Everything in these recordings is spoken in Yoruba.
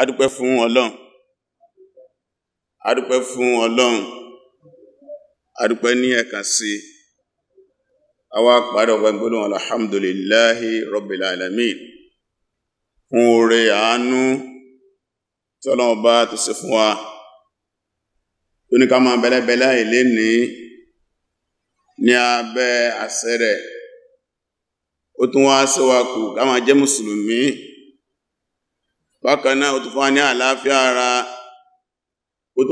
adúpẹ́ fún ọlọ́run adúpẹ́ fún ọlọ́run adúpẹ́ ní ẹ̀kan sí àwa pàdé ọgbà gbọ́dọ̀ alhamdulillahi rabbil alamin fún oore àánú tí ọlọ́run bá tó ṣe fún wa tó ní ká máa bẹ́lẹ́bẹ́lẹ́ àìlé ní ní abẹ́ àṣẹ rẹ̀ ó tún wá ṣe wa kù ká máa jẹ́ mùsùlùmí bákan náà ó tún fún wa ní àlàáfíà ara ó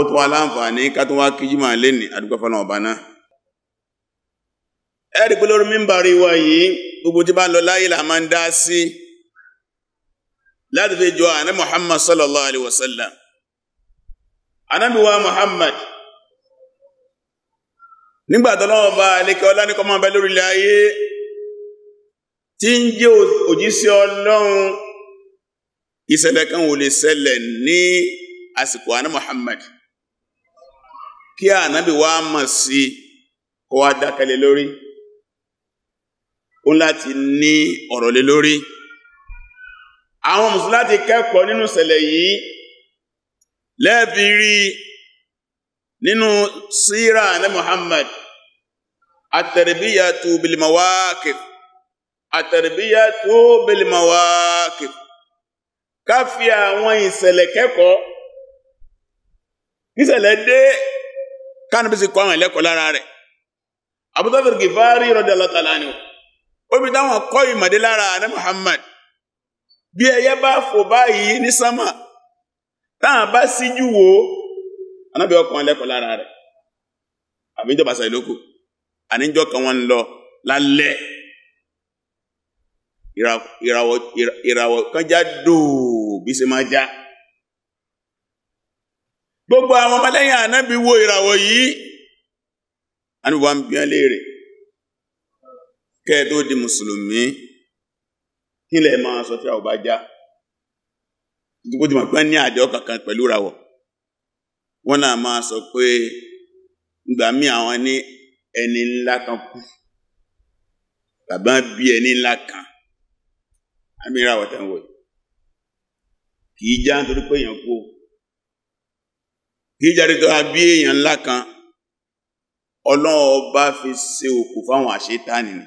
tún wá láǹfààní ká tún wá kí jímọ̀ lé ní àdúgbọ́fọ́nà ọ̀bá náà pé lórí mímbàrí wa yìí gbogbo tí bá ń lọ láyé là ń dá sí láti fi jọ àná Muhammad sallallahu alaihi wasallam Ànábì wa Muhammad nígbàtọ́lọ́wọ́ bá alékẹ́ ọlá ní kọmọ bẹ lórí ayé tí ń jẹ́ òjíṣẹ́ Ọlọ́run ìṣẹ̀lẹ̀ kan ò lè ṣẹlẹ̀ ní àsìkò àná Muhammad kí ànábì wá mọ̀ sí kó wá dákẹ́lẹ̀ lórí ó láti ní ọ̀rọ̀ lé lórí àwọn mùsùlùmí láti nínú ìṣẹ̀lẹ̀ yìí lẹ́ẹ̀bí rí nínú síra àná Muhammad at-tarbiyatu bil mawaqif ká fi àwọn ìṣẹ̀lẹ̀ kẹ́kọ̀ọ́ níṣẹ̀lẹ̀ dé kánàbí sì kọ́ àwọn ẹlẹ́kọ̀ọ́ lára rẹ̀ Abu Dharr Ghifari radiyallahu ta'ala omi táwọn kọ́ ìmọ̀dé lára ààrẹ Muhammad bí ẹyẹ bá fò báyìí ní sánmà táwọn bá síjú wo anábì ọkàn ẹlẹ́kọ̀ọ́ lára rẹ̀ àbíjọba sàìlókù àníjọ́ kan wọn lọ lálẹ́ ìràwọ̀ ìràwọ̀ kan já dòó bí se máa já gbogbo àwọn ọmọlẹ́yìn ànábì wo ìràwọ̀ yìí ànábì wa ń bí di mùsùlùmí kílẹ̀ máa sọ tí a ò bá já gbogbo ti mọ̀ pé ní àjọ kankan pẹ̀lú ìràwọ̀ wọ́n náà máa sọ pé ìgbà mí àwọn ní ẹni ńlá kan kú bàbá bí ẹni ńlá kan àmì ìràwọ̀ tẹ̀ ń wò kìí já nítorí pé èèyàn kú kìí jáde tó a bí èèyàn ńlá kan ọlọ́run ọba fi ṣe òkú fáwọn àṣetánì ni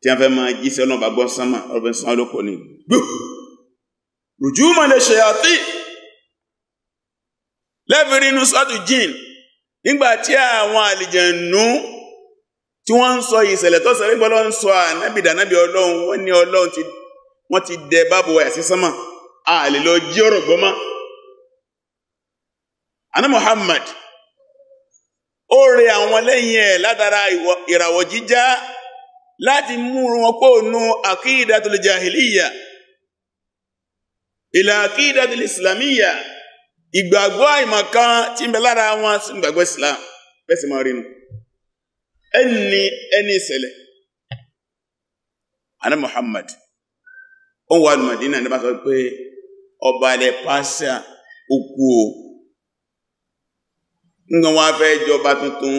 tí a fẹ́ máa jíṣẹ́ ọlọ́run bá sánmà ọlọ́run sánmà ló pọ̀ ní rùjú mọ̀ lè ṣe àti lẹ́fìrí inú sọ́tù jìn nígbà tí àwọn àlìjẹ̀nú tí wọ́n ń sọ ìṣẹ̀lẹ̀ tó sọ wípé ọlọ́run sọ ànábì dànábì ọlọ́run wọ́n ní ọlọ́run ti wọ́n ti dẹ báàbò wáyà sí sánmà a lè lọ jí ọ̀rọ̀ gbọ́mọ́ aná Muhammad ó rẹ àwọn lẹ́yìn ẹ̀ látara ìràwọ̀ jíjá láti mú wọn pò nu àkídàtul jahiliya ìlà àkídàtul islamiyya ìgbàgbọ́ àìmọ̀kan tí ń bẹ lára wọn sí ìgbàgbọ́ islam bẹ́ẹ̀ sì máa rí nu ẹni ẹni ìṣẹ̀lẹ̀ ana Muhammad ó wà ní Madina ne b'a sọ pe ọba alẹ́ pàṣà òkú o n'ga wá fẹ́ jọba tuntun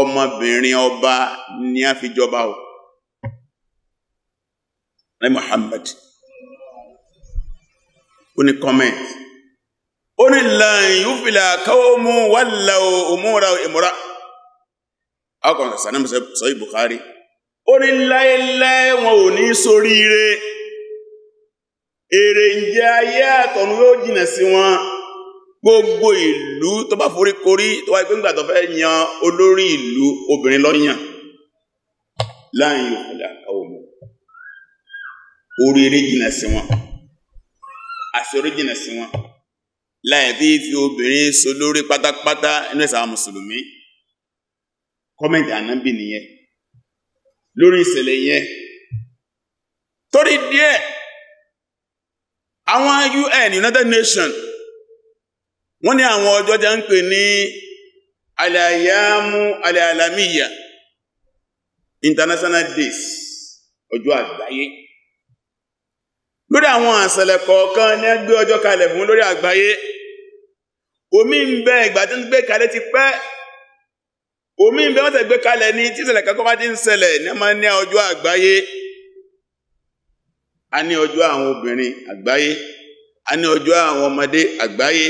ọmọbìnrin ọba ni a fi jọba o ní Muhammad ó ní kọ́mẹ̀ntì ó ní lan yufila qawmu wallaw umura imra' akọ̀nà sànẹ́mẹsẹ̀ sọ ìbùkárí ó ní láíláí wọn ò ní sórí ire èrè ń jẹ ayé àtọ̀run yóò jìnà sí wọn gbogbo ìlú tó bá forí korí tó wáyé pé ńgbà tó fẹ́ yan olórí ìlú obìnrin lọ́yàn láàrin òkúta àwòmọ́ orí eré jìnà sí wọn àti orí jìnà sí wọn láì fi fi obìnrin so lórí pátápátá inú ẹ̀sà mùsùlùmí kọ́mẹ̀ntì ànábì nìyẹn lórí ìṣẹ̀lẹ̀ yẹn torí díẹ̀ àwọn UN United Nations wọ́n ní àwọn ọjọ́ jẹ́ ń pè ní alayamu alalamiya international days ọjọ́ àgbáyé lórí àwọn àṣẹlẹ̀ kọ̀ọ̀kan ní ẹgbẹ́ ọjọ́ kalẹ̀ fún lórí àgbáyé omi ń bẹ ìgbà tí ń gbé kalẹ̀ ti pẹ́ omi ń bẹ wọ́n tẹ̀ gbé kalẹ̀ ní tí ìṣẹ̀lẹ̀ kankan bá ti ń ṣẹlẹ̀ ní ọmọ ní ọjọ́ àgbáyé a ní ọjọ́ àwọn obìnrin àgbáyé a ní ọjọ́ àwọn ọmọdé àgbáyé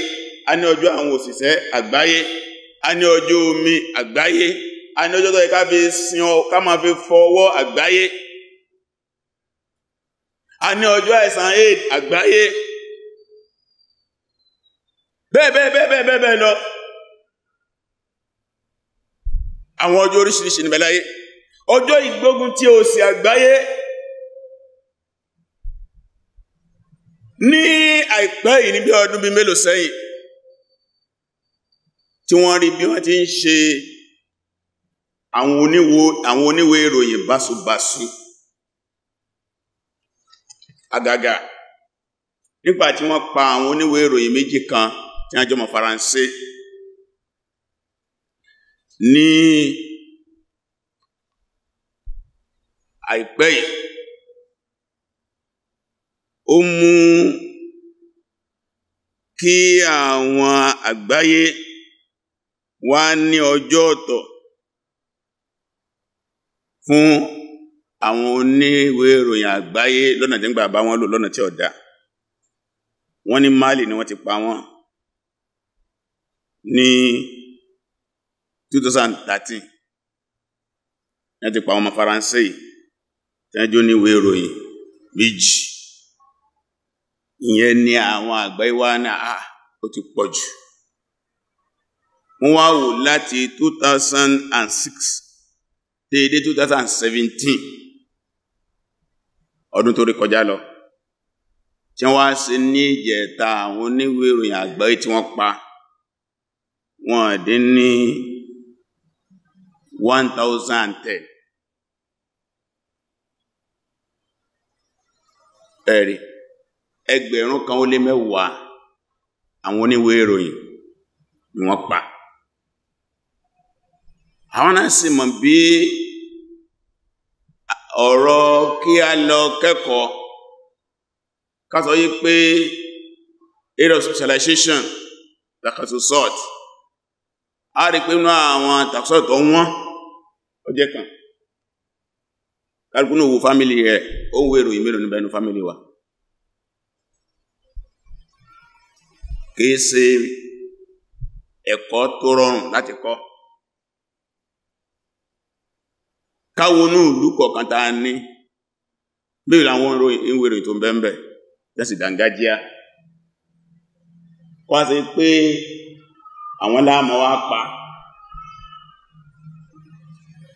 a ní ọjọ́ àwọn òṣìṣẹ́ àgbáyé a ní ọjọ́ omi àgbáyé a ní ọjọ́ tó yẹ ká fi sin ọ ká máa fi fọwọ́ àgbáyé a ní ọjọ́ àìsàn aid àgbáyé bẹ́ẹ̀ bẹ́ẹ̀ bẹ́ẹ̀ bẹ́ẹ̀ bẹ́ẹ̀ lọ. No àwọn ọjọ́ oríṣiríṣi níbẹ̀ láyé ọjọ́ ìgbógun ti òṣì àgbáyé ní àìpẹ́ yìí ní bí ọdún bíi mélòó sẹ́yìn tí wọ́n rí bí wọ́n ti ń ṣe àwọn oníwo àwọn oníwé ìròyìn báṣubàṣu àgàgà nígbà tí wọ́n pa àwọn oníwé ìròyìn méjì kan tí wọ́n jọmọ̀ Faransé ní àìpẹ́ yìí ó mú kí àwọn àgbáyé wá ní ọjọ́ ọ̀tọ̀ fún àwọn oníwé ìròyìn àgbáyé lọ́nà tí ń gbà bá wọn lò lọ́nà tí ó wọ́n ní Mali ni wọ́n ti pa wọ́n ní 2013 wọ́n ti pa ọmọ faransé yìí tẹ́jọ́ níwé ìròyìn méjì ìyẹn ni àwọn àgbà ìwá náà ó ti pọ̀ jù wọ́n wá wò láti 2006 déédé 2017 ọdún tó rí kọjá lọ tí wọ́n á sí ní ìjẹta àwọn oníwé ìròyìn àgbáyé tí wọ́n pa wọ́n dín ní 1010. ẹ̀rí ẹgbẹ̀rún kan ó lé mẹ́wàá àwọn oníwé ìròyìn ni wọ́n pa àwọn náà sì mọ̀ bí ọ̀rọ̀ kí a lọ kẹ́kọ̀ọ́ ká yí pé area of specialization takasosort a rí pé inú àwọn takasosort wọ́n ọjẹ́ kan kálukú náà wo rẹ̀ ó ń wo ìròyìn níbẹ̀ wa kìí ṣe ẹ̀kọ́ tó rọrùn láti kọ́ káwọnú ìlú kọ̀ọ̀kan tá a ní mélòó làwọn ń tó ń bẹ́ẹ̀ bẹ́ẹ̀ jẹ́sì dàngájíá wá pé àwọn láàmọ́ wá pa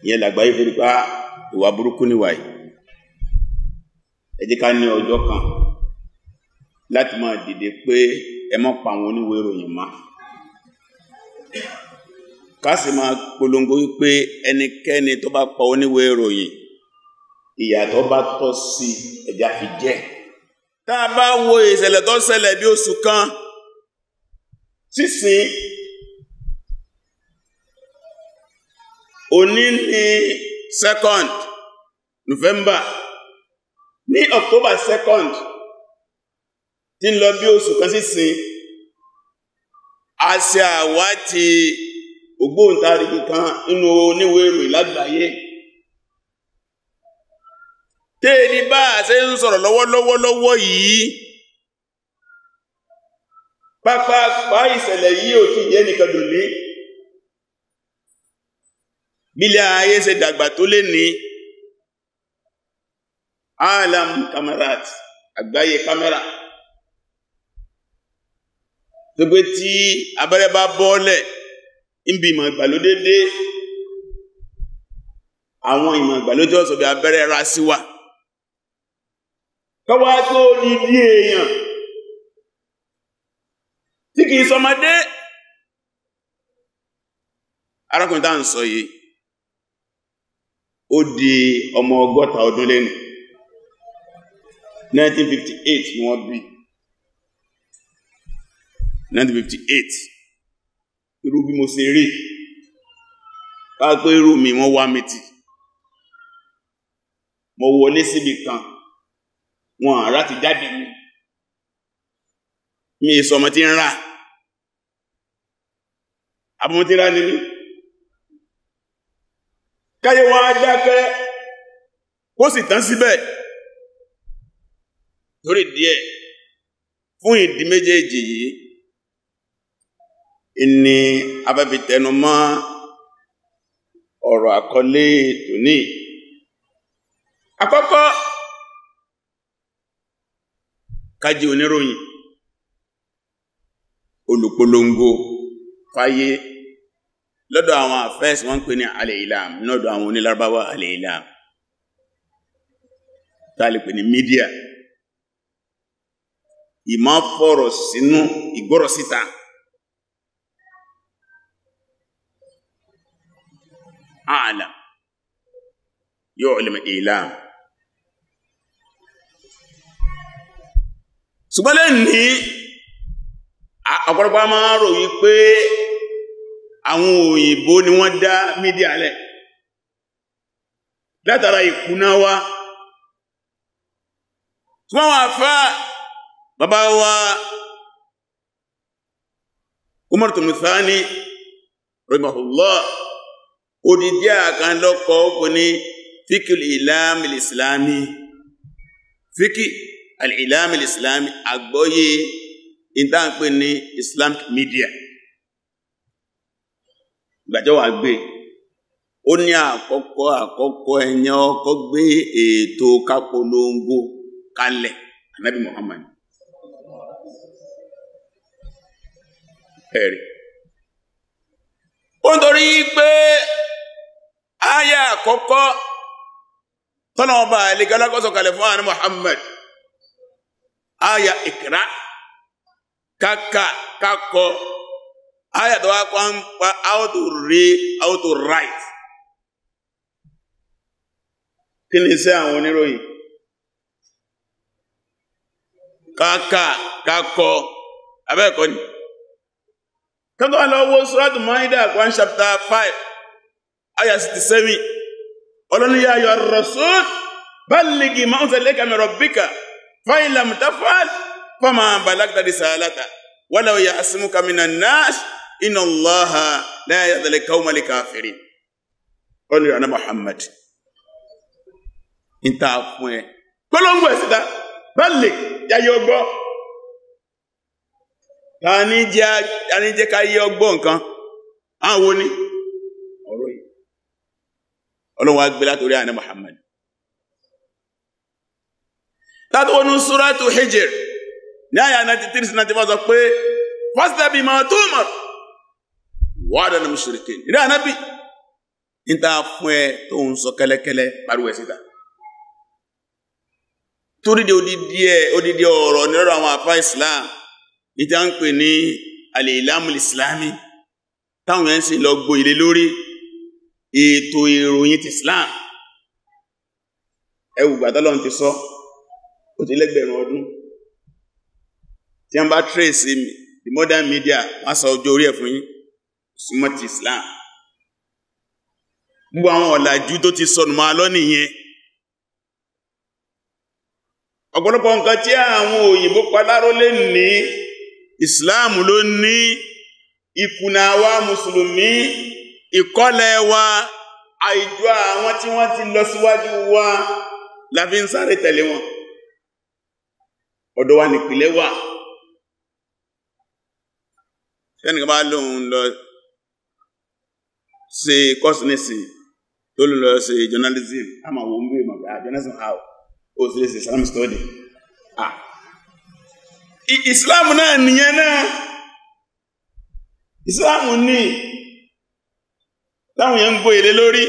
ìyẹn làgbáyé fi pa ah, ìwà burúkú níwà yìí ẹ jẹ́ ká ní ọjọ́ kan láti máa dìde pé ẹ má pa àwọn oníwèé ìròyìn mọ́ ká sì máa polongo wípé ẹnikẹ́ni tó bá pa oníwèé ìròyìn ìyàtọ̀ bá tọ́ sí ẹ̀já fi jẹ́ tá a bá wo ìṣẹ̀lẹ̀ tó ṣẹlẹ̀ bí oṣù kan sísìn òní ní second November ní October second, nd tí ń lọ bí oṣù kan sísìn a ṣe àwátì ògbóǹtarìgì kan nínú oníwèrò lágbàáyé téèrí bá ṣe ń sọ̀rọ̀ lọ́wọ́lọ́wọ́lọ́wọ́ yìí pápá ìṣẹ̀lẹ̀ yìí ò tí yẹ́ dùn ní bílẹ̀ ayé ṣe dàgbà tó lè ní alam kamarat àgbáyé kamara tó pé tí abẹ́rẹ́ bá bọ́ọ̀lẹ̀ níbi ìmọ̀ ìgbàlódé dé àwọn ìmọ̀ ìgbàlódé ọ̀sọ̀ bí abẹ́rẹ́ ra sí wa kọwa tó ní bí èèyàn tí kìí sọmọdé arákùnrin tá ń sọ yìí ó di ọmọ ọgọ́ta ọdún lẹ́nu 1958 ni wọ́n bí 1958 irú bí mo ṣe rí bá pé irú mi wọ́n wá mi tì mo wọlé síbi kan wọn àrá ti jáde mi mi ìsọmọ ti ń rà abúmọ́ ti rá nínú káyé wọn á kó sì tán síbẹ̀ torí díẹ̀ fún ìdí méjèèjì yìí ìní abẹ́bìtẹnumọ́ ọ̀rọ̀ àkọlé tòní àkọ́kọ́ kájí oníròyìn olùpolongo fáyé lọ́dọ̀ àwọn àfẹ́sì wọ́n ń pè ní alẹ́-ìlàm lọ́dọ̀ àwọn onílárbáwá alẹ́-ìlàm tààlì pè ní mídíà ìmọ̀ fọ́rọ̀ sínú ìgbọ́rọ̀ síta ààlà yóò ilẹ̀ ìlàm ṣùgbọ́n lẹ́ni ọ̀pọ̀lọpọ̀ a máa rò wípé àwọn òyìnbó ni wọ́n dá mídíà lẹ̀ látara ìkúná wa tí wọ́n wà fá bàbá wa Umar Tumithani rahimahullah odidi àkànlọ́kọ̀ ó ní fíkì ìlàmì ìsìlámi fíkì ìlàmì ìsìlámi àgbọ́yé ìdáǹpé ní Islamic media gbàjọ́ wà gbé ó ní àkọ́kọ́ àkọ́kọ́ ẹ̀yàn ọkọ́ gbé ètò kápolongo kalẹ̀ anabi muhammad ẹ̀rí ó ń torí pé àyà àkọ́kọ́ tọ́nà ọba àlejò alákọ̀ọ́sọ̀ kalẹ̀ fún àná muhammad àyà ìkìrá kàkà kakọ aya tó wá kọ́ how to read how to write kí ni iṣẹ́ àwọn oníròyìn kàkà kakọ abẹ́ẹ̀kọ́ ni kẹ́kọ̀ọ́ lọ wo suratul Maida one chapter five aya sixty seven ọlọ́niyà yọ ar-rasul balligi ma unzilaka min rabbika fa in lam taf'al fama balagta risalata walaw ya'simuka minan nas inna Allaha la yahdil qawmal kafirin wọ́n lè rànà Muhammad ń ta fún ẹ gbọ́lọ́gbù ẹ̀ síta bẹ́ẹ̀lì yáyé ọgbọ́ ta ní jẹ́ ká yé ọgbọ́ nǹkan àwọn ní ọ̀rọ̀ yìí ọlọ́wọ́ agbé látòrí àná Muhammad látòwọ́nú Suratu Hijr ní àyà 93 sọ pé fastabima tumar wàdà ní mùsùlùkì ìrẹ́ ànábì ń ta fún ẹ tó ń sọ kẹ́lẹ́kẹ́lẹ́ pariwo ẹ síta torí de odidi ẹ odidi ọ̀rọ̀ nírọ̀ àwọn àfa islam ìjà ń pè ní alẹ́ ìlàmù ìsìlámì táwọn yẹn ń sìn lọ gboyè lórí ètò ìròyìn ti islam ẹwù gbàtọ́lọ́ ti sọ ó ti lẹ́gbẹ̀rún ọdún tí wọ́n bá trace the modern media wọ́n sọ ọjọ́ orí ẹ̀ fún yín súnmọ́ Islam gbogbo àwọn ọ̀làjú tó ti sọnù máa lọ nìyẹn ọ̀pọ̀lọpọ̀ nǹkan tí àwọn òyìnbó paláró lè ní Islam ló ní ìkùnà wa mùsùlùmí ìkọ́lẹ̀ wa àìjọ àwọn tí wọ́n ti lọ síwájú wa la fi ń sáré tẹ̀lé wọn ọ̀dọ̀ wa nìpìlẹ̀ wà ṣẹ́nìkan bá lóun lọ Se course nísìnyí tó ló lọ ṣe journalism Ama àwọn ohun bí ìmọ̀ bá ah, journalism how ah, ó sì lè ṣe Islam study ah Islam náà nìyẹn náà Islam ní táwọn yẹn ń gbọ́ èlé lórí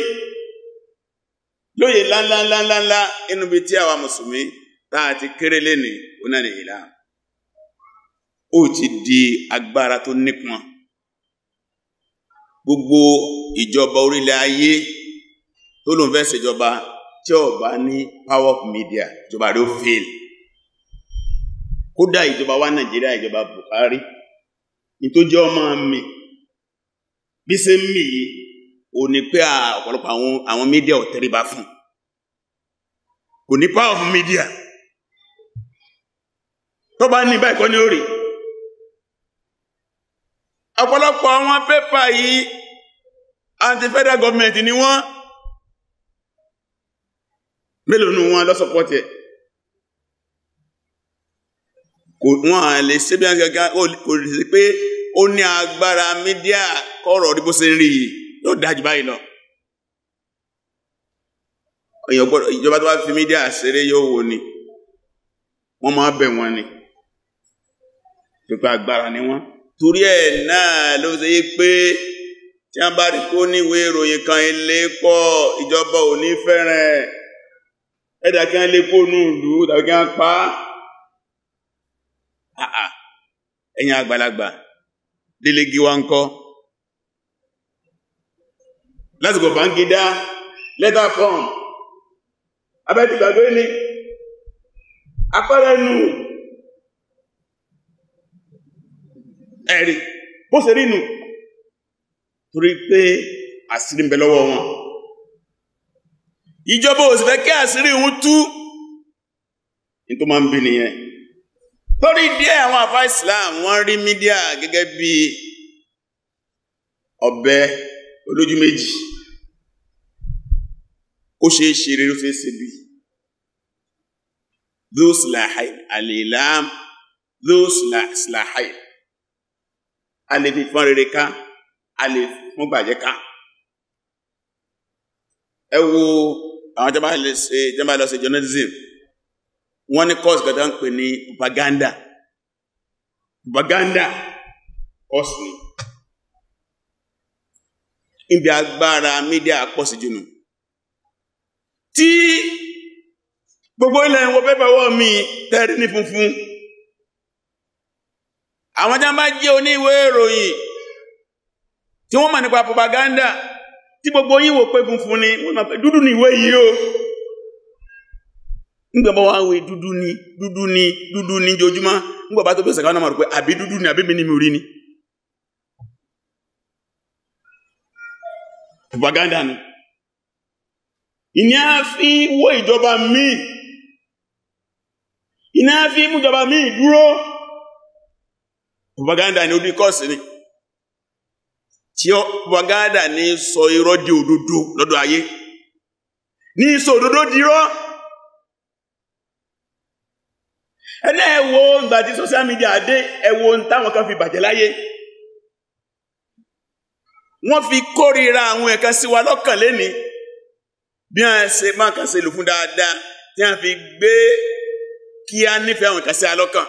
lóye ńláńláńláńlá inú bíi tí àwa mùsùlùmí tá a ti kéré lénìí ó náà nìyí ó ti di agbára tó nípọn gbogbo ìjọba orílẹ̀ ayé tó lóun fẹ́ ṣèjọba tí ó ní power of media ìjọba rẹ̀ ó fail kódà ìjọba wa Nàìjíríà ìjọba Buhari ní tó jẹ́ ọmọ mi bí ṣe ń mì yìí ò ní pé ọ̀pọ̀lọpọ̀ àwọn àwọn media ò tẹríba fún kò ní power of media tó bá ní báyìí kọ́ ní ó ọ̀pọ̀lọpọ̀ àwọn pépà yìí anti-federal government ni wọ́n mélòó nù wọn lọ́sọ̀pọ̀ tẹ̀ kò wọ́n à lè ṣe bí wọ́n gẹ́gẹ́ kò lè ṣe pé ó ní agbára mídíà kọ́rọ̀ rí bó ṣe ń rí yìí yóò dájú báyìí lọ èèyàn gbọ́dọ̀ ìjọba tó bá fi mídíà ṣeré yóò wò ni wọ́n máa bẹ̀ wọ́n ni pípa agbára ni wọ́n torí ẹ̀ náà ló ṣe yí pé tí a bá rí kó níwé ìròyìn kan ilé pọ̀ ìjọba ò ní fẹ́ràn ẹ̀dà kí a lè kó nù ìlú tàbí kí a pa àà ẹ̀yìn àgbàlagbà délégí wa ń kọ́ lásìkò bàǹgídá lẹ́tà fọ́ọ̀m abẹ́tìgbàgbé ní apẹ́rẹ́ nù ẹ̀rí bó ṣe rí torí pé àṣírí ń bẹ lọ́wọ́ wọn ìjọba ò sì fẹ́ kí àṣírí ń tú ní tó máa ń bí nìyẹn torí díẹ̀ àwọn Islam wọ́n rí mídíà gẹ́gẹ́ bí olójú méjì ó ṣe é ṣe a lè fi fún rere ká a lè fún gbàjẹ́ ká ẹ wo àwọn tẹ́ bá lè ṣe tẹ́ bá lọ ṣe journalism wọ́n ní course kan ń pè ní propaganda propaganda course ni ibi agbára media pọ̀ sí jùlọ tí gbogbo ilẹ̀ ìwọ̀n pépà wọ́n mi tẹ́rí ní funfun àwọn tí wọ́n bá jẹ́ oníwèé ìròyìn tí wọ́n mọ̀ nípa propaganda tí gbogbo yín wò pé funfun ni wọ́n mọ̀ pé dúdú ni ìwé yìí o nígbàbọ̀ wá wé dúdú ni dúdú ni dúdú ni jojúmọ́ nígbàbá tó bí ọ̀sẹ̀ káwọn náà mọ̀ pé àbí dúdú ni àbí mi ni mi rí ni propaganda ni ìní a fi wó ìjọba míì ìní a fi mú ìjọba míì dúró propaganda ni ó bí kọ́ọ̀sì ni tí ó propaganda ní sọ irọ́ di òdodo lọ́dọ̀ ayé ní sọ òdodo di irọ́ ẹ̀nà ẹ ìgbà tí social media dé ẹ wo ń táwọn kan fi bàjẹ́ láyé wọ́n fi kórìíra àwọn ẹ̀ka sí wa lọ́kàn lẹ́ni bí wọ́n ṣe máa kàn ṣe lò fún dáadáa tí wọ́n fi gbé kí a nífẹ̀ẹ́ àwọn ẹ̀ka sí wa lọ́kàn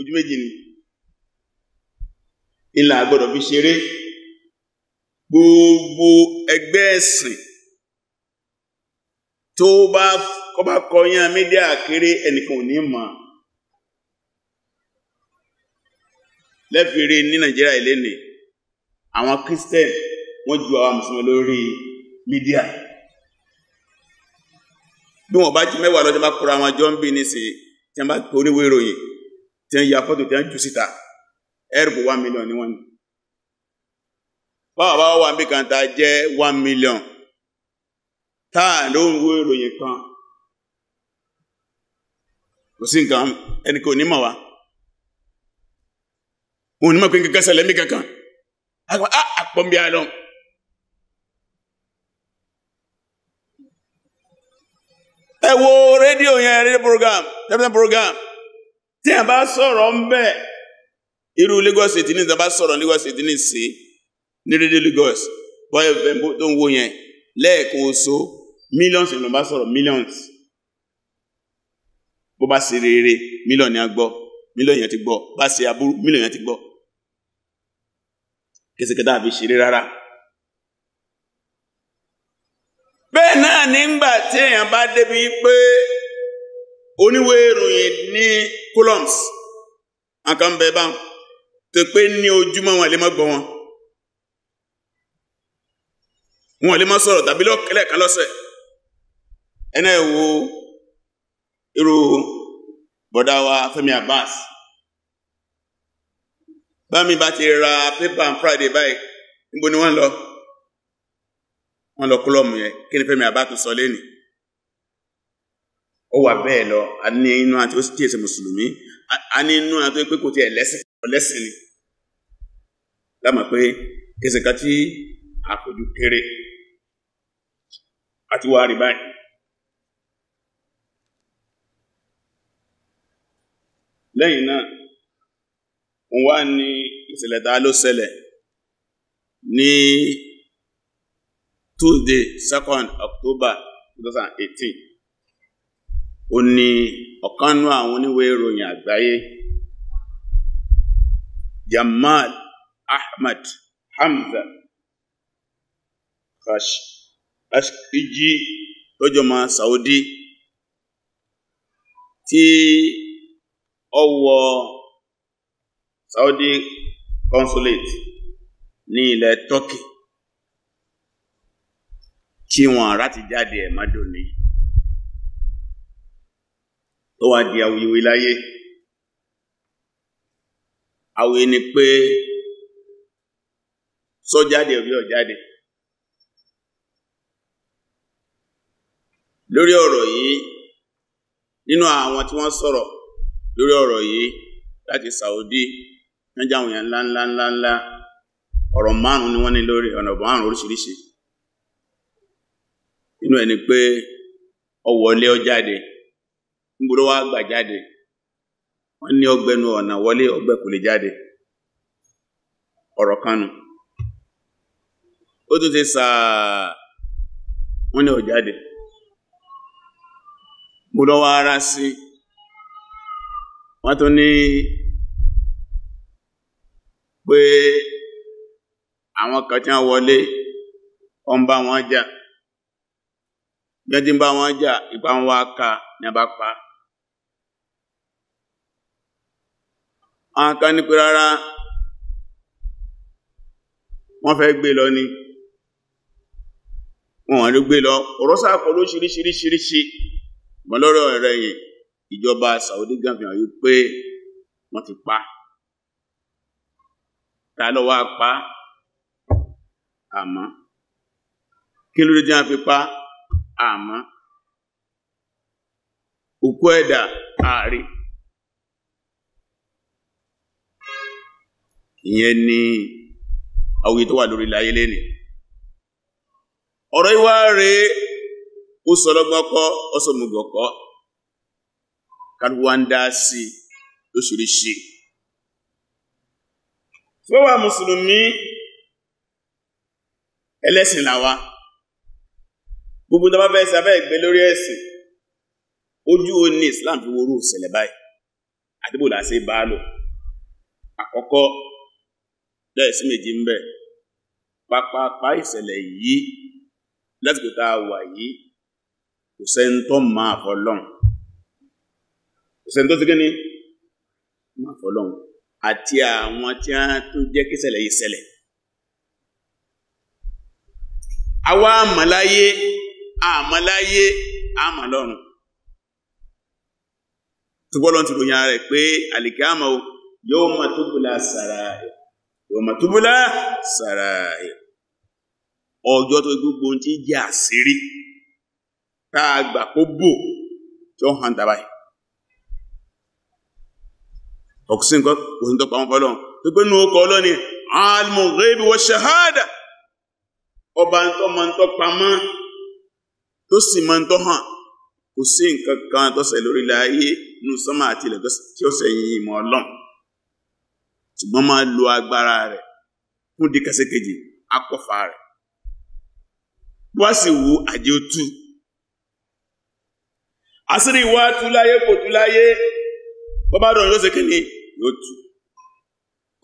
ojú méjì ni ńlá gbọ́dọ̀ fi ṣeré gbogbo ẹgbẹ́ ẹ̀sìn tó bá kọba kọyán mídíà kéré ẹnìkan ò ní mọ̀ lẹ́fìrí ní Nàìjíríà ilé nì àwọn Christian wọ́n ju àwọn Mùsùlùmí lórí mídíà bí wọ́n bá ju mẹ́wàá lọ́jọ́ bá kóra wọn jọ ń bí nísìn tí wọ́n bá toríwé ìròyìn tí wọ́n ya fọ́tò tí wọ́n jù síta ẹ̀rùpù 1 million ni wọ́n ni báwọn bá wà bí kan jẹ́ 1 million táà ló ń wó ìròyìn kan kò sí nǹkan ẹni kò nímọ̀ wá òun nímọ̀ pé n kankan ṣẹlẹ̀ mí kankan àpọ̀ bí alọ́ ẹ wo rédíò yẹn rédíò program tẹ́lẹ̀ program tí a bá sọ̀rọ̀ ń bẹ́ẹ̀ irú Lagos State ní ìjọba sọ̀rọ̀ Lagos State ní sí ní rédíò Lagos bọ́yọ̀ fẹ́ tó ń wo yẹn lẹ́ẹ̀kan oṣù millions ìlú bá sọ̀rọ̀ millions bó bá ṣe rere mílíọ̀nù yẹn gbọ́ mílíọ̀nù yẹn ti gbọ́ bá ṣe aburú mílíọ̀nù yẹn ti gbọ́ kẹsìkẹta àfi ṣeré rárá. bẹ́ẹ̀ náà nígbà tí èèyàn bá débi pé oníwèé ìròyìn ní columns àkànbẹ̀ báwọn tó pé ní ojúmọ́ wọn lè má gbọ́ wọn wọn lè má sọ̀rọ̀ tàbí lẹ́ẹ̀kan lọ́sẹ̀ ẹnà ẹ̀ wo irú bọ̀dá wa Fẹ́mi Abbas bámi bá ti ra paper and Friday báyìí níbo ni wọ́n lọ wọ́n lọ kúlọ̀mù yẹn kí ni Fẹ́mi Abbas sọ lẹ́nu ó wà bẹ́ẹ̀ lọ a ní inú àti ó sì tíyẹ̀sẹ̀ mùsùlùmí a ní inú àti ó pé kò tiẹ̀ lẹ́sìn ọlẹ́sìn ni lámà pé kẹsẹ̀ ká tí àfojú kéré àti wà rí báyìí lẹ́yìn náà wọ́n wá ní ìṣẹ̀lẹ̀ tá ló ṣẹlẹ̀ ní Tuesday 2nd October 2018 ó ní ọ̀kanú àwọn oníwèé ìròyìn àgbáyé Jamal Ahmad Hamza Khashoggi lọ́jọ́mọ́ Saudi tí ó wọ Saudi consulate ní ilẹ̀ Turkey tí wọn láti jáde ẹ̀mọ́dọ̀ ní tó wá di awuyewé láyé. àwòye ni pé sọ́jáde orí ọ̀jáde lórí ọ̀rọ̀ yìí nínú àwọn tí wọ́n sọ̀rọ̀ lórí ọ̀rọ̀ yìí láti Saudi wọ́n àwọn èèyàn ńláńláńláńlá ọ̀rọ̀ márùn-ún ni wọ́n ní lórí ọ̀nà márùn-ún oríṣiríṣi nínú ẹni pé ọwọ́lé ọjáde ń wọ́n ní ọgbẹ̀nu ọ̀nà wọlé ọgbẹ̀ kò lè jáde ọ̀rọ̀ kanu ó tún ti sàá wọ́n ní ọ̀jáde mo lọ́wọ́ ara sí wọ́n tún ní pé àwọn kan wọlé wọ́n bá wọn jà gbẹ́dín bá wọn ní àwọn kan ní pé rárá wọ́n fẹ́ gbé lọ ni wọ́n ló gbé lọ ọ̀rọ̀sà kọ́ ló ṣiríṣiríṣiríṣi mọ́ lọ́rọ̀ rẹ̀ yìí ìjọba Saudi gàfihàn yìí pé wọ́n ti pa ta ló wá pa àmọ́ kí ló dé tí wọ́n fi pa àmọ́ òkú ẹ̀dà ààrin ìyẹn ni àwòye tó wà lórí láyé lẹ́ni ọ̀rọ̀ ìwá rẹ̀ ó sọlọ́gbọ́kọ́ ọsọmùgọ̀kọ́ kálùwà ń dá sí lóṣìíríṣìí tí wọ́n wà mùsùlùmí ẹlẹ́sìn làwa gbogbo tó bá fẹ́ sí abẹ́ ìgbé lórí ẹ̀sìn ojú o ní Islam fi worú ìṣẹ̀lẹ̀ báyìí àdúgbò làá bá lò àkọ́kọ́ lẹ́yìn sí méjì ń bẹ pápápá ìṣẹ̀lẹ̀ yìí lásìkò tá a wà yìí kò sẹ́ni tó máa fọlọ́n kò sẹ́ni tó ti kíni máa fọlọ́n àti àwọn tí a tún jẹ́ kí ìṣẹ̀lẹ̀ yìí ṣẹlẹ̀ àwa àmàláyé àmàláyé àmàlọ́run tó gbọ́dọ̀ ti ròyìn ara rẹ̀ pé àlìkí o yóò máa tó gbọ́dọ̀ àṣàrà yọmọ tó búlá sàrà ọjọ́ tó gbogbo ohun tí jẹ́ àṣírí tá a gbà kó bò tí ó hàn tàbáyì ọ̀kùsí nǹkan kò sí tó pa wọn fọlọ́n tó pé nínú ọkọ̀ ọlọ́ni alimu ghaibi wa shahada ọba ń tọ́ ma ń tọ́ pamọ́ tó sì ma ń tọ́ hàn kò sí nǹkan kan tó lórí ilẹ̀ nù sánmà àti ilẹ̀ tí ó ṣe yìí ọlọ́run ṣùgbọ́n máa lo agbára rẹ̀ fún di kẹsẹ̀kejì akọfà rẹ̀ bó a sì wo àjẹ otu àṣírí wa tú láyé kò tú láyé bọ́bá dọ̀rọ̀ yóò ṣe kí ni yóò tú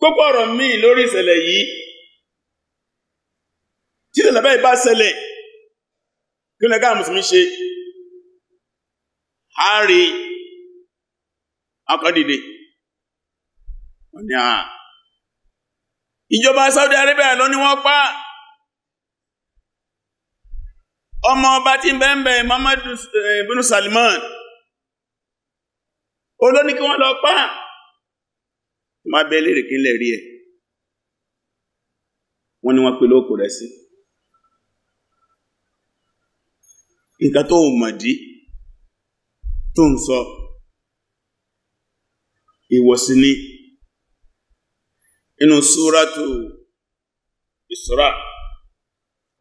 kókó ọ̀rọ̀ míì lórí ìṣẹ̀lẹ̀ yìí tí ìṣẹ̀lẹ̀ báyìí bá ṣẹlẹ̀ kí ló ká mùsùlùmí ṣe á rí akọ́dìde wọ́n ní à ah. ìjọba Saudi Arabia ló ní wọ́n pa ọmọ ọba tí ń bẹ́ẹ̀ Muhammadu eh, bin Salman olóní kí wọ́n lọ pa má bẹ́ẹ̀ lè kí n lè rí ẹ̀ wọ́n ní wọ́n pe lóko rẹ̀ sí nǹkan tó mọ̀dí tó ń sọ ìwọ̀sí ni. So. inú súrátù Isra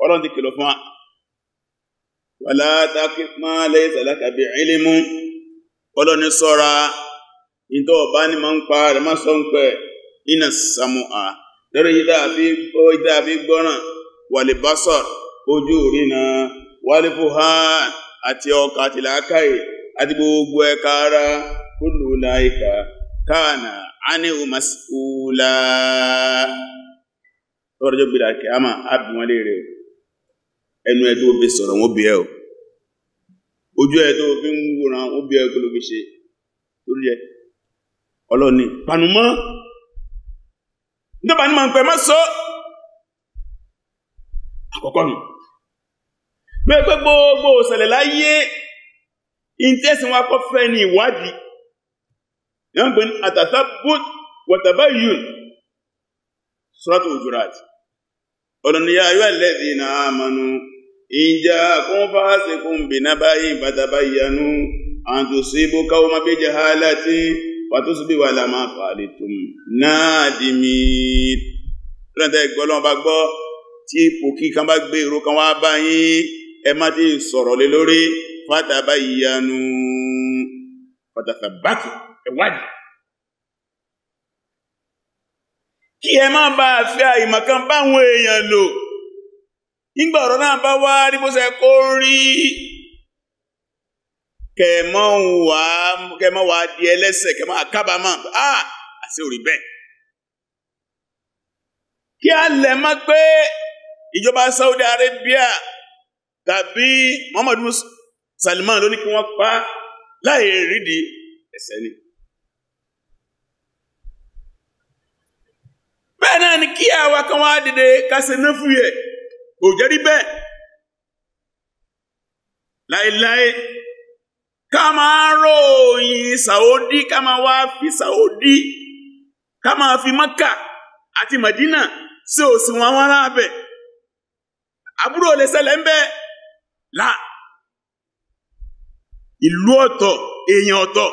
ọlọ́n ti kìlọ̀ fún ma laysa laka bi ilmu ọlọ́n ni sọ́ra ìtọ́ ọ̀bá ni ma ń pa rẹ̀ má sọ ń pẹ̀ iná samu'a lórí ìdá àfi gbọ́ràn wal basar ojú na wal ha àti ọkà àti làákàyè àti gbogbo ẹ̀ka ara kana anihu mas'ula lọ́rọ̀jọ́ gbèrà kí a máa ábì wọn léèrè ẹnu ẹ tó fi sọ̀rọ̀ wọn bí ẹ o ojú ẹ tó fi ń wòran wọn bí ẹ kó ló fi ṣe lórí ẹ ọlọ́ni panumọ́ nígbà ní màá pẹ́ sọ àkọ́kọ́ nù bẹ́ẹ̀ pé gbogbo òṣèlè láyé ìtẹ́sìn wa kọ́ fẹ́ ní ìwádìí yẹn gbé ní atathabut wa tabayyun suratul hujurat ọlọ́ni yá ayọ́ alladhina amanu in ja'akum fasiqun binaba'in fatabayyanu an tusibu qawman bijahalatin fatusbihu ala ma fa'altum nadimin rẹ̀ntẹ́ ìgbọ́lọ́wọ́ bá gbọ́ tí pòkí kan bá gbé ìró kan wá bá ẹ má ti sọ̀rọ̀ lé lórí fatabayyanu fatathbatu ẹ̀wádìí. kí ẹ má bá a fi àìmọ̀kan báwọn èèyàn lò nígbà ọ̀rọ̀ náà bá wá rí bó ṣe kó rí kẹmọ́ wà kẹmọ́ wà di ẹlẹ́sẹ̀ kẹmọ́ àkábàámọ̀ á àti òrì bẹ́ẹ̀. kí a lẹ̀ mọ́ pé ìjọba Saudi Arabia tàbí Muhammadu Salman ló ní kí wọ́n pa láì rídìí ẹ̀sẹ̀ ni. bẹ́ẹ̀ náà ni kí àwa kan wá dìde ká ṣe ná fún yẹ kò jẹ́ rí bẹ́ẹ̀ láéláé ká máa ròyìn sàódì ká máa wá fi sàódì ká máa fi mọ́kà àti màdínà sí òsìwọ̀n wọn láàbẹ̀ àbúrò lè ṣẹlẹ̀ ń bẹ́ẹ̀ là ìlú ọ̀tọ̀ èèyàn ọ̀tọ̀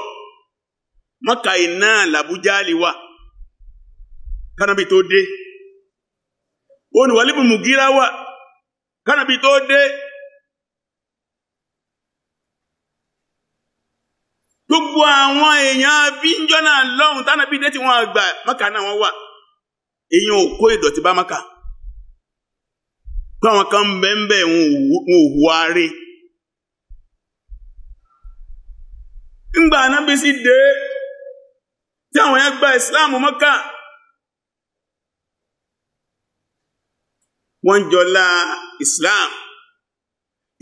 mọ́kà iná làbújá lè wà. kánábì to dé ó ní wàlíbù Mugirawa, wà bi to de! gbogbo àwọn èèyàn bí ń lọ́hùn tánábì dé tí maka àgbà mọ́kà náà wọ́n wà èèyàn ò kó ìdọ̀tí bá mọ́kà pé àwọn kan bẹ́ẹ̀ wọn ò tí àwọn gba ìsìláàmù mọ́kà wọ́n jọlá Islam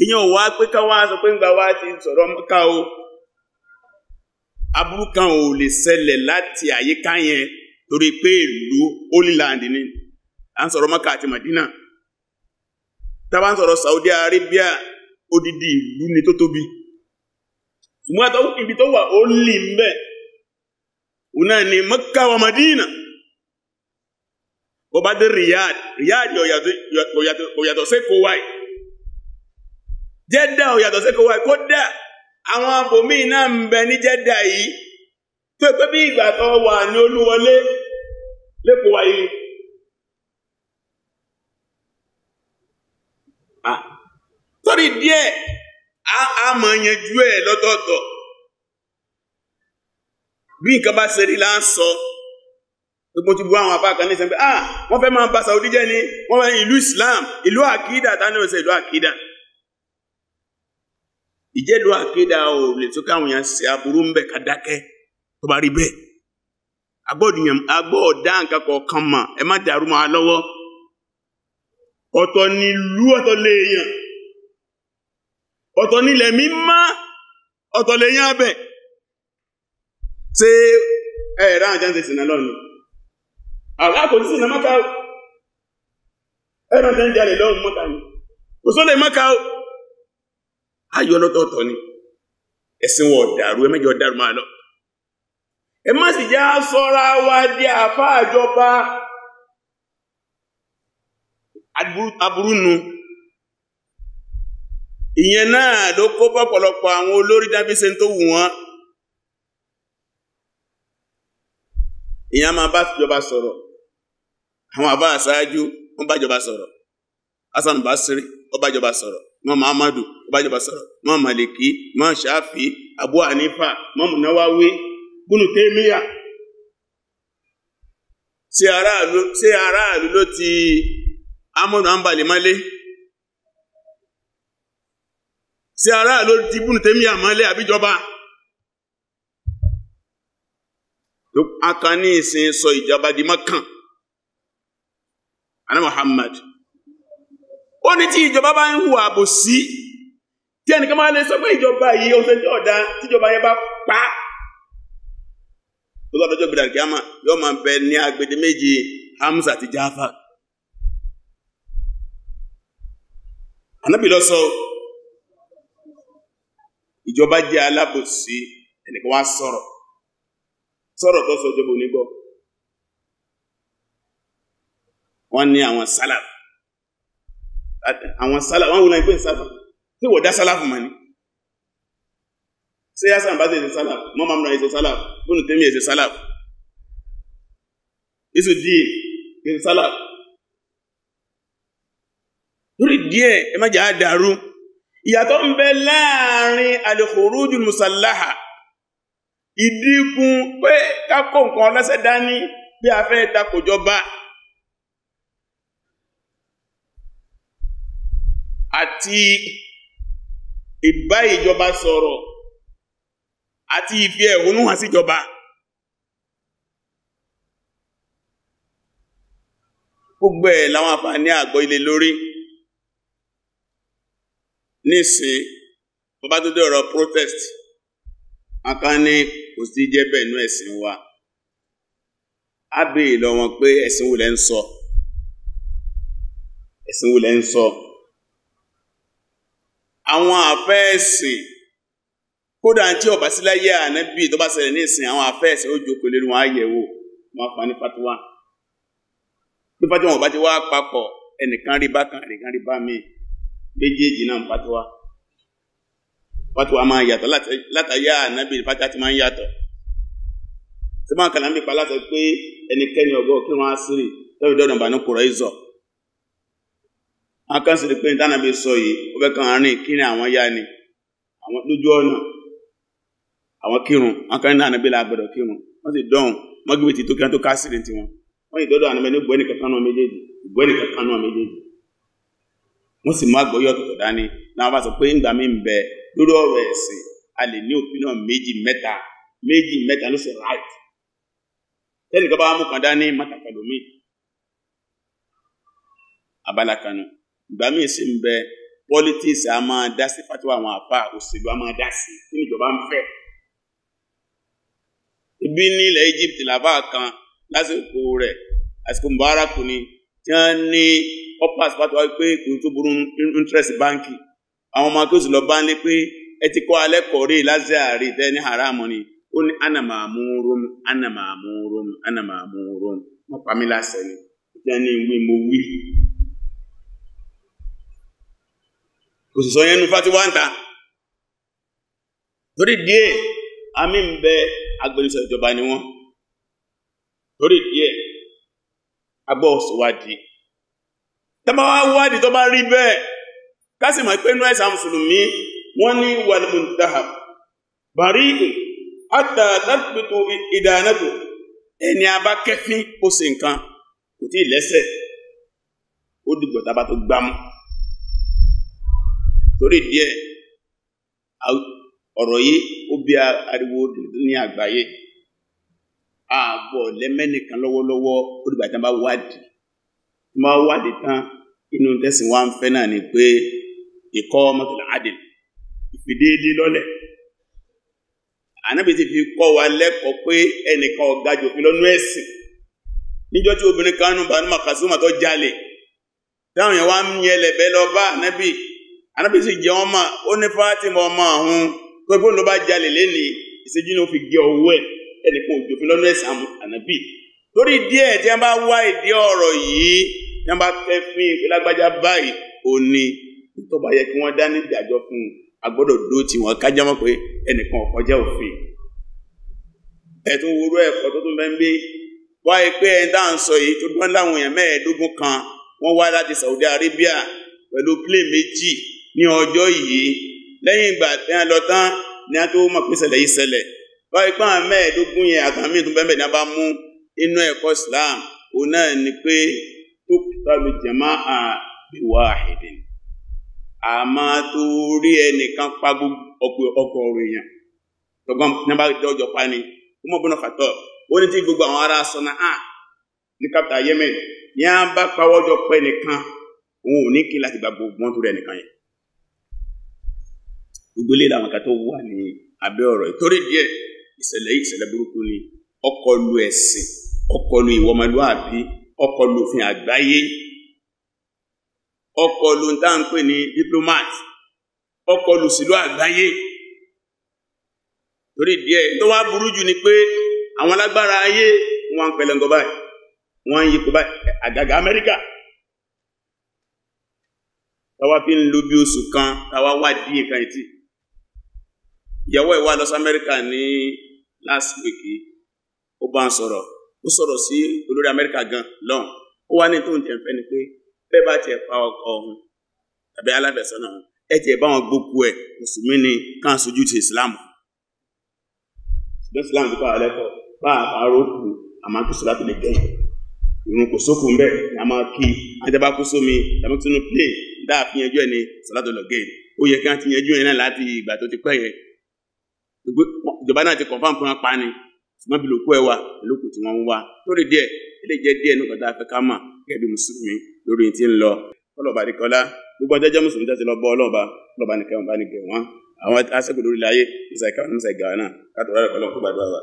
ìyẹn ò wá pé káwá sọ pé ńgbà wá ti sọ̀rọ̀ mọ́ká o aburú kan ò lè ṣẹlẹ̀ láti àyíká yẹn torí pé ìlú holyland ni à ń sọ̀rọ̀ mọ́ká àti Madina tábà ń sọ̀rọ̀ Saudi Arabia odidi ìlú ni tó tóbi ṣùgbọ́n ibi tó wà ó lì ń bẹ̀ òun náà ni mọ́ká wa Madina. bó bá dé Riyadh Riyadh ó yàtọ̀ sẹ́kọ̀ọ́ wáyé Jeddah ó yàtọ̀ sẹ́kọ̀ọ́ wáyé kódà àwọn abòmíì náà ń bẹ ní Jeddah yìí tó pé bí ìgbà tó wà ní olúwọlé lẹ́kọ̀ọ́ wáyé ah. torí díẹ̀ a mọ̀ yanjú ẹ̀ lọ́tọ̀ọ̀tọ̀ bí nǹkan bá ṣe rí là ń sọ. So gbogbo ti bu àwọn apá kan ní sẹ́ńpẹ́ ah wọ́n fẹ́ máa ba Saudi jẹ́ ni wọ́n fẹ́ ìlú Islam ìlú àkídà tani ọ̀sẹ̀ ìlú àkídà ìjẹ́ ìlú àkídà ò lè tó káwọn èèyàn ṣe aburú ń bẹ̀ ká dákẹ́ tó bá rí bẹ́ẹ̀ agbọ́dìyàn agbọ́ọ̀dá nǹkan kọ̀ọ̀kan mà ẹ má dàrú máa lọ́wọ́ ọ̀tọ̀ nílùú ọ̀tọ̀ lèèyàn ọ̀tọ̀ nílẹ̀ mímá ọ̀tọ̀ lèèyàn abẹ̀ ṣé ẹ̀ẹ́dá àjẹ́ ń ṣe sìnà lọ́nà awaa ko disi na makao ero te n jale lọ n mota ni osode makao ayụ ọlọtọọtọ ni esi won ọdarawe meji ọdara ma nọ emesi ya sọọrọ awa di afa ajo ba agbụrụtaburu nụ inye naa lo awọn olori dabise n to wu èèyàn máa bá ìjọba sọ̀rọ̀ àwọn àbá àṣáájú wọ́n bá ìjọba sọ̀rọ̀ Hasan Basri ó bá ìjọba sọ̀rọ̀ mọ́ Muhammadu ó bá ìjọba sọ̀rọ̀ mọ́ Maliki mọ́ Shafi Abu Hanifa mọ́ Munawawi Ibn Taymiyyah ṣé aráàlú ṣé aráàlú ló ti amọ̀nà àǹbalẹ̀ mọ́lé ṣé aráàlú ti Ibn Taymiyyah mọ́lé àbíjọba. tó akan ní ìsìn sọ ìjọba di mọ́kàn ana Muhammad ó ní tí ìjọba bá ń hu àbòsí tí ẹnìkan máa lè sọ pé ìjọba yìí ọ̀sẹ̀ tí ọ̀dà tíjọba yẹn bá pa á lọ́wọ́ àdójọ́ gbèdà kíámà yóò máa bẹ ní agbede méjì Hamza àti Jafar anábì lọ sọ ìjọba jẹ́ alábòsí ẹnìkan wá sọ̀rọ̀ sọ̀rọ̀ tó sọjọ́ bò ní gbọ́ wọ́n ní àwọn sálàf àwọn sálàf wọ́n wùlọ ìpín sálàf tí wọ́n dá sálàf mọ́ ni ṣé yásán bá ṣe sálàf mọ́ mamman ẹ̀ṣẹ̀ sálàf bónú tẹ́mi ẹ̀ṣẹ̀ sálàf isu díẹ̀ ẹ̀ṣẹ̀ sálàf lórí díẹ̀ ẹ má jẹ́ àdàrú ìyàtọ̀ ń bẹ láàrin al-khurujul ìdínkùn pé kákó nǹkan ọlọ́sẹ̀ dání bí a fẹ́ takòjọba àti ìbá ìjọba sọ̀rọ̀ àti ìfi ẹ̀hónú hàn síjọba gbogbo ẹ̀ láwọn àǹfààní àgbọ́ ilé lórí nísìn bàbá tó dé ọ̀rọ̀ protest àkànní kò sí jẹ́ bẹ́ẹ̀ nú ẹ̀sìn wa á béèrè lọ wọn pé ẹ̀sìn wo lẹ ń sọ ẹ̀sìn wo lẹ ń sọ àwọn àfẹ́ẹ̀sìn kódà tí ọba síláyé ànábì tó bá ṣẹlẹ̀ ní ìsìn àwọn ayewo ó jókòó wọn fa ní ti wá papọ̀ ẹnìkan rí bákan ẹnìkan méjèèjì náà ń pátó wa máa yàtọ̀ látàyà ànábì pátá ti máa ń yàtọ̀ tí máa kàlà ń bí paláṣẹ pé ẹnikẹ́ni ọ̀gọ́ kí wọ́n á sírì lọ́wọ́ ìdọ́dọ̀ bá ní kúrọ̀ ìzọ̀ wọn kàn sí pé ìtànàbí sọ yìí ó fẹ́ kàn rìn kírin àwọn yá ni àwọn lójú ọ̀nà àwọn kírun wọn kàn ní ànábì làgbọ̀dọ̀ kírun wọn sì dọ̀hùn wọn gbé ti tó kí wọn tó ká sírì tiwọn wọn ànábì ní gbọ́ ẹnìkan kan náà méjèèjì gbọ́ ẹnìkan kan náà méjèèjì wọn sì má gbọ́ yọ̀tọ̀tọ̀ dání náà wọ́n bá sọ pé ńgbà mi ń bẹ lórí ọ̀rọ̀ ẹ̀sìn a lè ní opinion méjì mẹ́ta méjì mẹ́ta ló ṣe right tẹ́nìkan bá mú kan dání mọ́tàkàlómi abala kanu ìgbà míì sì ń bẹ politics a máa dá sí fatiwa àwọn àfa òṣèlú a máa dá sí kí níjọba ń fẹ́ ibi nílẹ̀ Egypt làbá kan lásìkò rẹ̀ àsìkò Mubarak ni tí wọ́n ní upper spot wá pé kò tó burú interest báńkì. àwọn ọmọ akéwòsì lọ bá ń lé pé ẹ ti kọ́ ni ó ní anamamurum anamamurum anamamurum wọ́n pa mí lásẹ̀ ni ìjẹ́ ní ìwé mo wí. kò sì sọ yẹn nu fatiwa ń ta torí díẹ̀ àmì ń bẹ agbẹnusọ ìjọba ni wọn torí díẹ̀ agbọ́ kásì mọ̀ pé nọ́ẹ̀sì àmùsùlùmí wọ́n ní wàlmùntàhà bàrí àtà tàbítò ìdánàtò ẹni abá kẹfín ó ṣe nǹkan kò tí ì lẹ́sẹ̀ ó dìgbò tábà tó gbámú torí díẹ̀ ọ̀rọ̀ yìí ó bí ariwo ní àgbáyé ààbọ̀ lẹ́mẹ́nìkan lọ́wọ́lọ́wọ́ ó dìgbà tí wọ́n bá wádìí wọ́n bá wádìí tán inú tẹ̀sìn wa ń fẹ́ náà ni pé iqamatul adl ìfìdéédé lọ́lẹ̀ ànábì ti fi kọ́ wa lẹ́kọ̀ọ́ pé ẹnìkan ọ̀gá jòfin lọ́nú ẹ̀sìn níjọ́ tí obìnrin kan nù Banu Makhzuma tó jalè táwọn yẹn wá ń yẹ lẹ̀bẹ̀ lọ bá ànábì ànábì sì jẹ́ wọn mà ó ní Fatima ọmọ ọ̀hún tó gbóhùn ló bá jalè lẹ́ni ìṣẹ́jú ni ó fi gé ọwọ́ ẹ̀ ẹnìkan òjòfin lọ́nú ẹ̀sìn ànábì torí díẹ̀ tí wọ́n bá wá ìdí ọ̀rọ̀ yìí tí wọ́n bá fẹ́ fín ìpínlẹ̀ agbájá báyìí òní tó bá yẹ kí wọ́n dá nígbàjọ fún a gbọ́dọ̀ dó tí wọ́n kájá mọ́ pé ẹnìkan ò kọjá òfin ẹ̀tún wúrú ẹ̀kọ́ tó tún bẹ́ ń gbé wá pé ẹ̀ dá ń sọ yìí tó dúró láwọn èèyàn mẹ́ẹ̀ẹ́dógún kan wọ́n wá láti Saudi Arabia pẹ̀lú plane méjì ní ọjọ́ yìí lẹ́yìn ìgbà tí wọ́n lọ tán ni a tó mọ̀ pé ṣẹlẹ̀ yìí ṣẹlẹ̀ wá pé àwọn mẹ́ẹ̀ẹ́dógún yẹn àtàmì tó bẹ́ẹ̀ ní a bá mú inú ẹ̀kọ́ Islam òun náà ni pé tó kúta lè jẹ̀má àbíwá àhìdìn a máa tó rí ẹnìkan pa gbogbo ọgọ́rùn èèyàn tọgbọn nígbà dọjọ pa ni Umar bin Khattab ó ní tí gbogbo àwọn ará sọnà á ah! ní kápítà Yemen ní a bá pawọ́jọ pẹ́ nìkan òun ò ní kí láti gba gbogbo wọn tó rẹ nìkan yẹn gbogbo ilé làwọn kan tó wà ní abẹ́ ọ̀rọ̀ ìtòrí díẹ̀ ìṣẹ̀lẹ̀ yìí ìṣẹ̀lẹ̀ burúkú ni ọkọlù ẹ̀sìn ọkọlù ìwọ́mọlúwàbí ọkọlù òfin àgbáyé ọkọlù tá ń pè ní diplomat ọkọlù sílùú àgbáyé torí díẹ̀ tó wá burú jù ni pé àwọn alágbára ayé wọn ń pẹlẹngọ báyìí wọn ń yípo báyìí àgàgà Amẹ́ríkà táwa fi ń lo bí oṣù kan táwa wá díẹ̀ kan ìtì ìyàwó ìwà lọ sí Amẹ́ríkà ní last week ó bá ń sọ̀rọ̀ ó sọ̀rọ̀ sí olórí Amẹ́ríkà gan lọ́n ó wá ní tóun tẹ̀ ń fẹ́ ni pé bẹ́ẹ̀ bá tiẹ̀ pa ọkọ ọ̀hún tàbí alábẹ̀sọ́nà ọ̀hún ẹ tiẹ̀ bá wọn gbókú ẹ̀ mùsùlùmí ni káà sojú ti ìsìláàmù ṣùgbọ́n ìsìláàmù kọ́ àlẹ́kọ̀ọ́ bá àrókù àmàkùsọ̀ láti lè gẹ̀yìn ìrun kò sókù ń bẹ a máa kí ajaba kó sómi tàbí tinú plane dá àfihànjú ẹ ní sọlátọ lọgẹ ó yẹ kí wọn ti yanjú ẹ náà láti ìgbà tó ti pẹ́ yẹn ìjọba náà ti confam pé wọn pa ni ṣùgbọ́n bí lóko ẹ wa lóko tí wọn ń wá lórí díẹ̀ ilé jẹ díẹ̀ nígbà tá a fẹ́ ká mà gẹ́gẹ́ bí mùsùlùmí lórí ti ń lọ ọlọ́ba àdìkọ́lá gbogbo ọjọ́jọ́ mùsùlùmí tẹ́sí lọ bọ́ ọlọ́ba ọlọ́ba nìkan ọba nìkan wọn àwọn asẹ́kù lórí ilẹ̀ ayé musa ìkàwọn musa ìgbà náà kátó rárẹ̀ kọ́lọ́ kó gbàdúrà wa.